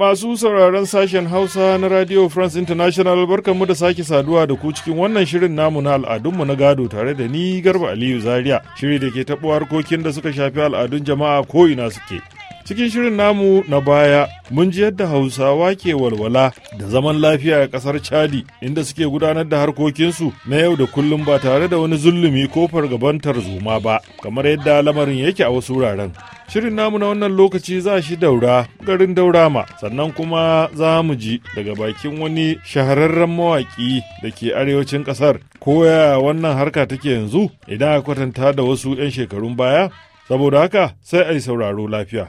Masu sauraron sashen Hausa na Radio France International barkanmu da sake saduwa da ku cikin wannan shirin namu na al'adunmu na gado tare da ni Garba Aliyu Zaria. Shiri da ke taɓo harkokin da suka shafi al'adun jama'a ko'ina suke. Cikin shirin namu na baya mun ji yadda Hausawa ke walwala da zaman lafiya a ƙasar Chadi inda suke gudanar da harkokinsu na yau da kullum ba tare da wani zulumi ko fargabantar zuma ba kamar yadda lamarin yake a wasu wuraren. Shirin namu na wannan lokaci za shi daura garin daurama sannan kuma za mu ji daga bakin wani shahararren mawaƙi da ke arewacin ƙasar koya wannan harka take yanzu idan a kwatanta da wasu 'yan shekarun baya saboda haka sai a yi sauraro lafiya.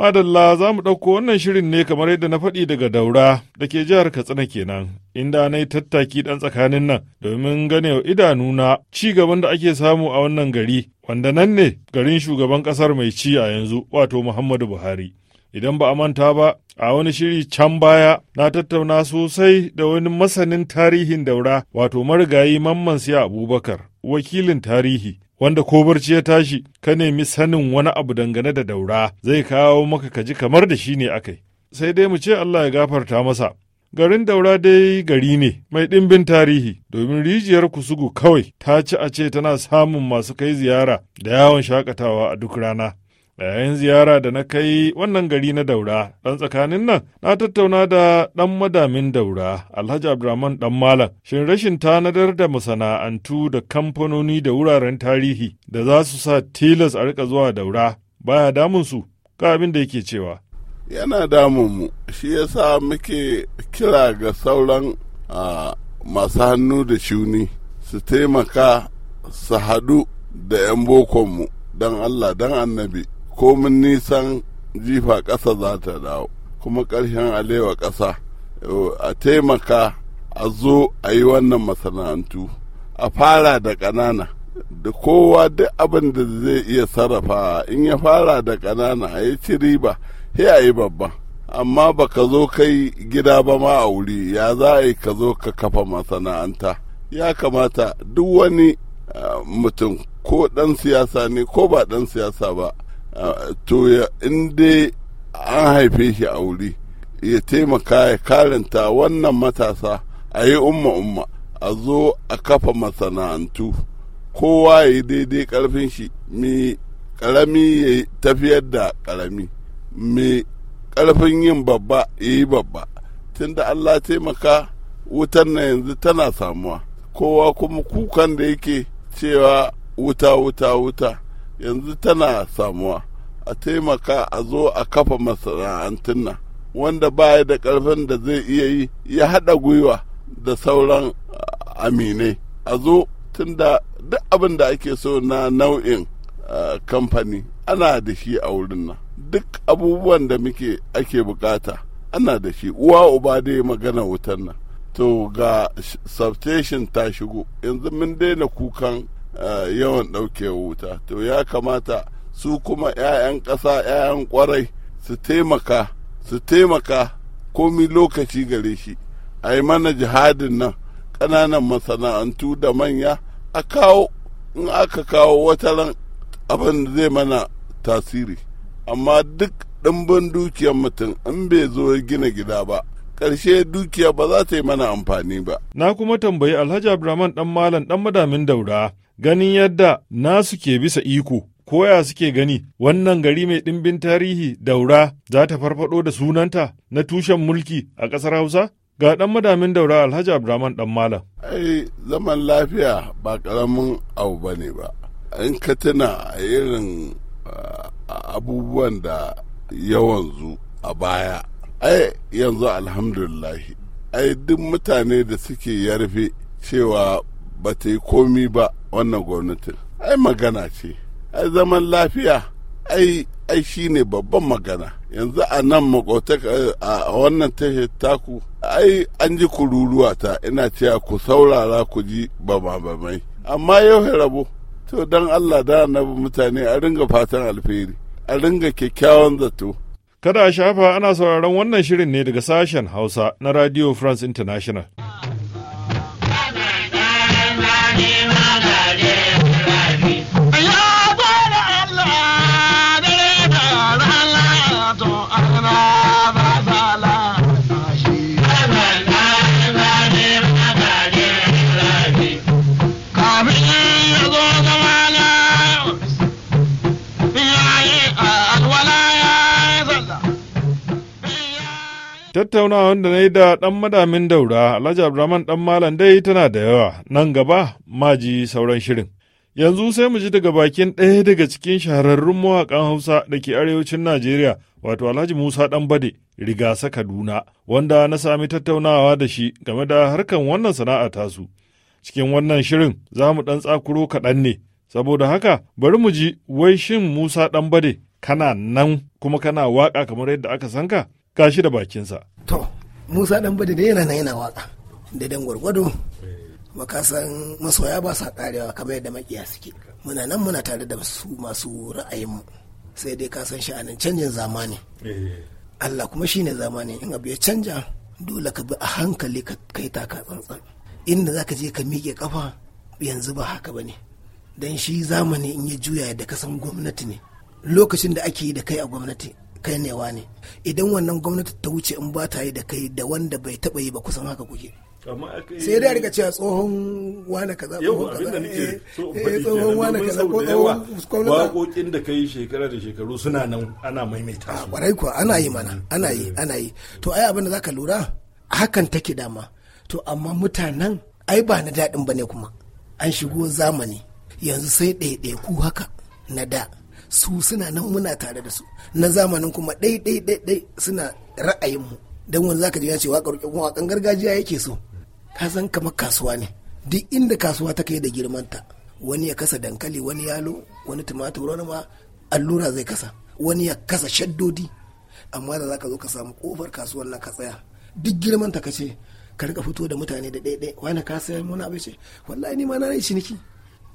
Madalla za mu ɗauko wannan shirin ne kamar yadda na faɗi daga Daura da ke jihar Katsina kenan, inda na yi tattaki ɗan tsakanin nan domin gane wa idanuna ci gaban da ake samu a wannan gari, wanda nan ne garin shugaban ƙasar mai ci a yanzu wato Muhammadu Buhari. Idan ba a manta ba, a wani shiri can baya na tattauna sosai da wani masanin tarihin Daura wato marigayi Mamman Siya Abubakar, wakilin tarihi wanda ko barci ya tashi ka nemi sanin wani abu dangane da daura zai kawo maka ka ji kamar da shi ne akai sai dai mu ce Allah ya gafarta masa garin daura dai gari ne mai ɗimbin tarihi domin rijiyar kusugu kawai ta ci a ce tana samun masu kai ziyara da yawon shakatawa a duk rana yayin ziyara da na kai wannan gari na daura ɗan tsakanin nan na tattauna da ɗan madamin daura alhaji abdulrahman ɗan malam shin rashin tanadar da masana'antu da kamfanoni da wuraren tarihi da za su sa tilas a rika zuwa daura baya damun su ga abin da yake cewa yana damun mu shi yasa muke kira ga sauran masu hannu da shuni su taimaka su haɗu da 'yan bokonmu don allah don annabi komin nisan jifa ƙasa za ta dawo kuma ƙarshen alewa ƙasa a taimaka a zo a yi wannan masana'antu a fara da ƙanana da kowa duk abin da zai iya sarrafa in ya fara da ƙanana a yi ci riba sai a yi babban amma ba ka zo kai gida ba ma a wuri ya za a yi ka zo ka kafa masana'anta ya kamata duk wani eh, mutum ko ɗan siyasa ne ko ba ɗan siyasa ba to ya inda an haife shi a wuri ya taimaka ya karanta wannan matasa a yi umma umma a zo a kafa masana'antu kowa ya yi daidai karfin shi mai karami ya tafiyar da karami mai karfin yin babba ya yi babba tunda allah taimaka wutan na yanzu tana samuwa kowa kuma kukan da yake cewa wuta wuta wuta yanzu tana samuwa a taimaka a zo a kafa masana'antun nan wanda baya da ƙarfin da zai iya yi ya haɗa gwiwa da sauran aminai a zo tun da duk abin da ake so na nau'in kamfani ana da shi a wurin nan duk abubuwan da muke ake bukata ana da shi uwa uba dai magana wutan nan to ga substation ta shigo yanzu mun daina kukan yawan ɗauke wuta to ya kamata su kuma 'ya'yan ƙasa 'ya'yan ƙwarai su taimaka su taimaka komi lokaci gare shi a yi mana jihadin nan ƙananan masana'antu da manya a kawo in aka kawo wata ran abin da zai mana tasiri amma duk ɗimbin dukiyar mutum in bai zo gina gida ba ƙarshe dukiya ba za ta yi mana amfani ba. Na kuma tambayi Alhaji Abdulrahman ɗan Malam ɗan madamin daura ganin yadda nasu ke bisa iko koya suke gani wannan gari mai ɗimbin tarihi daura za ta farfado da sunanta na tushen mulki a ƙasar hausa ga ɗan madamin daura alhaji abdurrahman ɗan malam ai zaman lafiya ba ƙaramin abu ba ne ba in ka tuna a irin abubuwan da yawanzu a baya ai yanzu alhamdulillahi ai duk mutane da suke yarfe cewa ba ta yi komi ba wannan gwamnatin ai magana ce ai zaman lafiya ai ai shi ne babban magana yanzu a nan makotaka eh, a wannan tashi taku ai an ji kururuwata ta ina cewa ku saurara ku ji bamabamai amma yau ya rabu, to don allah da annabi mutane a ringa fatan alfahari a ringa kyakkyawan zato kada a shafa ana sauraron wannan shirin ne daga sashen hausa na radio france international Tattaunawar da na yi da ɗan madamin daura Alhaji abdulrahman ɗan malam dai tana da yawa nan gaba maji sauran shirin. Yanzu sai mu ji daga bakin ɗaya daga cikin shahararrun mawaƙan Hausa da ke arewacin Najeriya wato Alhaji Musa ɗan bade Rigasa Kaduna wanda na sami tattaunawa da shi game da harkan wannan sana'a tasu. Cikin wannan shirin za mu ɗan tsakuro kaɗan ne saboda haka bari mu ji wai shin Musa Ɗanbade kana nan kuma kana waƙa kamar yadda aka sanka? shi da bakinsa. To, Musa dan bada da yana na yana waka da dan gwargwado san masoya ba sa karewa kamar yadda makiya suke. Muna nan muna tare da su masu ra'ayinmu sai dai ka san sha'anin canjin zamani. Eh. Allah kuma shine zamani in abu ya canja dole ka bi a hankali ka kai taka tsantsan. Inda za ka je ka miƙe kafa yanzu ba haka ba ne. Dan shi zamani in ya juya da ka san gwamnati ne. Lokacin da ake yi da kai a gwamnati kai ne ne idan wannan gwamnati ta wuce in ba ta yi da kai da wanda bai taba yi ba kusan haka kuke sai dai rika cewa tsohon wane kaza eh, eh, tsohon kaza tsohon wane kaza ko tsohon kwamnata waƙoƙin da kai shekara da shekaru suna nan ana maimaita ah, su kwarai kuwa ana yi mana mm, ana yi eh. ana yi to ai abin da zaka lura hakan take dama to amma mutanen ai ba na daɗin bane kuma an shigo zamani yanzu sai ɗaiɗaiku haka na da su suna nan muna tare da su na zamanin kuma ɗai ɗai ɗai ɗai suna ra'ayinmu don wani zaka ji ya ce waƙar waƙan gargajiya yake so ka san kamar kasuwa ne duk inda kasuwa ta kai da girmanta wani ya kasa dankali wani yalo wani tumatur wani ma allura zai kasa wani ya kasa shaddodi amma da zaka zo ka samu kofar kasuwar nan ka tsaya duk girman ta kace ka rika fito da mutane da ɗaiɗai wani ka sayar mana bai ce wallahi ni ma na yi ciniki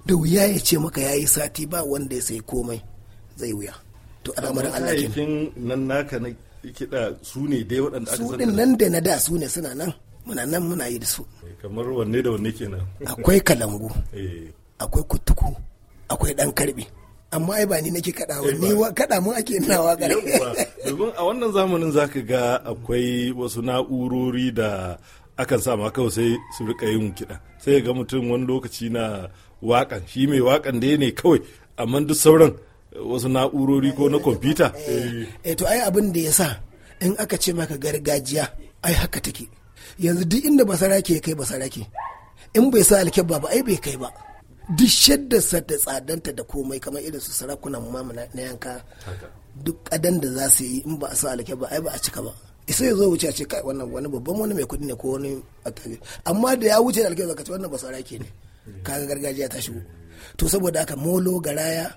da wuya ya ce maka yayi sati ba wanda ya sayi komai zai wuya to ramar Allah ke nan naka na kiɗa su ne dai waɗanda aka su din nan da na da su ne suna nan muna nan muna yi da su kamar wanne da wanne kenan akwai kalangu eh. akwai kutuku akwai dan karbe amma ai ba ni nake kada wa eh, ni kada mun ake wa waƙar domin a wannan zamanin zaka ga akwai wasu na'urori da akan sa ma kawai sai su rika yin kiɗa sai ga mutum wani lokaci na waƙan shi mai waƙan da ne kawai amma duk sauran wasu na'urori ko na kwamfuta E, to ai abin da ya sa in aka ce maka gargajiya ai haka take yanzu duk inda basara ya kai ke in bai sa alkyabba ba ai bai kai ba duk shaddarsa da tsadanta da komai kamar irin su sarakunan mamu na yanka duk kadan da za su yi in ba a sa alkyabba ai ba a cika ba isa ya zo wuce a ce kai wannan wani babban wani mai kuɗi ne ko wani attajiri amma da ya wuce da alkyabba ka ce wannan basarake ne kaga gargajiya ta shigo to saboda haka molo garaya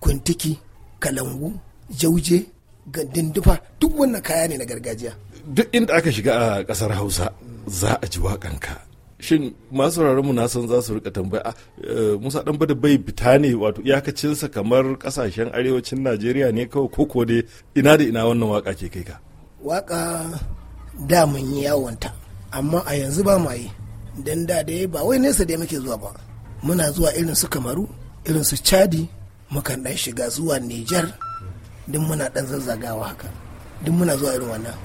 kwantiki kalangu jauje gandun dufa duk wannan kaya ne na gargajiya duk inda aka shiga a kasar hausa za a ji waƙanka shin masu mu na san za su rika tambaya ah, eh, musa dan bada bai fita ne wato iyakacinsa kamar kasashen arewacin najeriya ne kawai ko ko ina da ina wannan waka ke kai ka waka da mun yi yawonta amma a yanzu ba ma yi dan da dai ba wai nesa da muke zuwa ba muna zuwa irin su kamaru irin su chadi mukan ɗan shiga zuwa Nijar duk muna dan zazzagawa haka duk muna zuwa irin wannan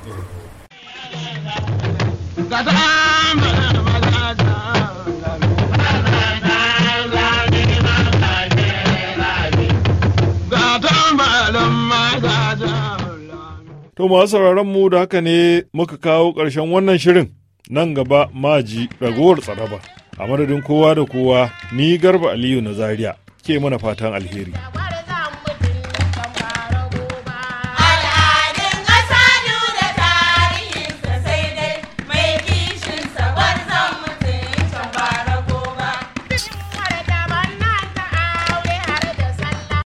To masu sauraron mu da haka ne muka kawo ƙarshen wannan shirin nan gaba maji ragowar tsaraba. A madadin kowa da kowa ni garba Aliyu na Zaria. ke mana fatan alheri.